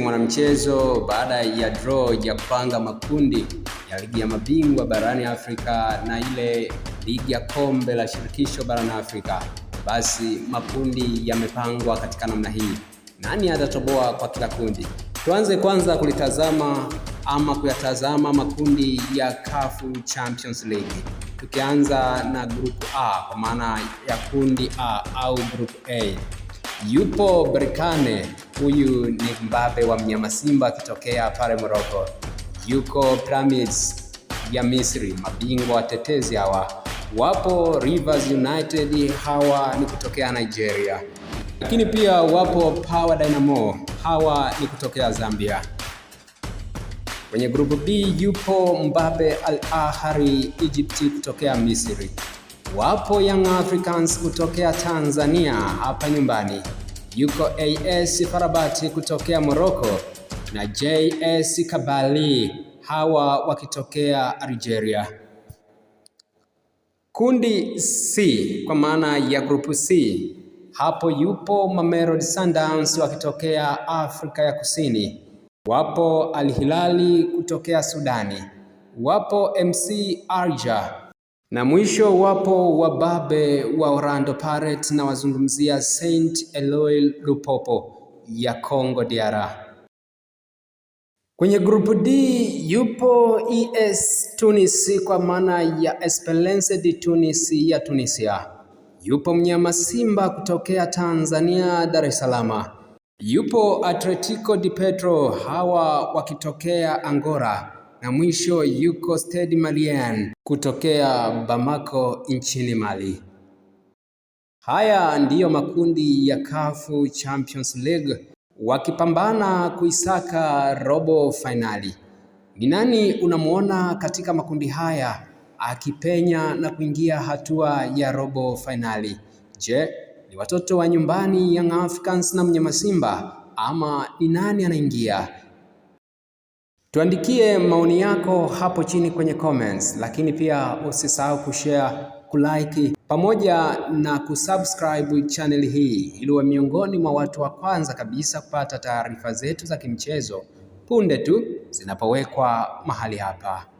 Mwanamchezo baada ya draw ya kupanga makundi ya ligi ya mabingwa barani Afrika na ile ligi ya kombe la shirikisho barani Afrika, basi makundi yamepangwa katika namna hii. Nani atatoboa kwa kila kundi? Tuanze kwanza kulitazama ama kuyatazama makundi ya CAF Champions League, tukianza na group A kwa maana ya kundi A au group A yupo Berkane, huyu ni mbabe wa mnyama simba akitokea pale Morocco. Yuko Pyramids ya Misri, mabingwa watetezi hawa. Wapo Rivers United, hawa ni kutokea Nigeria, lakini pia wapo Power Dynamo, hawa ni kutokea Zambia. Kwenye grupu B yupo mbabe Al Ahly Egypt kutokea Misri. Wapo Young Africans kutokea Tanzania hapa nyumbani, yuko AS Farabati kutokea Morocco na JS Kabali hawa wakitokea Algeria. Kundi C kwa maana ya grupu C, hapo yupo Mamelodi Sundowns wakitokea Afrika ya Kusini, wapo Al Hilali kutokea Sudani, wapo MC Arja na mwisho wapo wababe wa Orlando Pirates na wazungumzia Saint Eloi Lupopo ya Congo DR. Kwenye grupu D yupo ES tunis kwa maana ya Esperance de Tunis ya Tunisia. Yupo mnyama Simba kutokea Tanzania Dar es Salaam. Yupo Atletico de Petro hawa wakitokea Angola na mwisho yuko Stade Malien kutokea Bamako nchini Mali. Haya ndiyo makundi ya CAF Champions League wakipambana kuisaka robo fainali. Ni nani unamwona katika makundi haya akipenya na kuingia hatua ya robo fainali? Je, ni watoto wa nyumbani Young Africans na Mnyama Simba ama ni nani anaingia? Tuandikie maoni yako hapo chini kwenye comments, lakini pia usisahau kushare, kulike pamoja na kusubscribe channel hii ili uwe miongoni mwa watu wa kwanza kabisa kupata taarifa zetu za kimchezo punde tu zinapowekwa mahali hapa.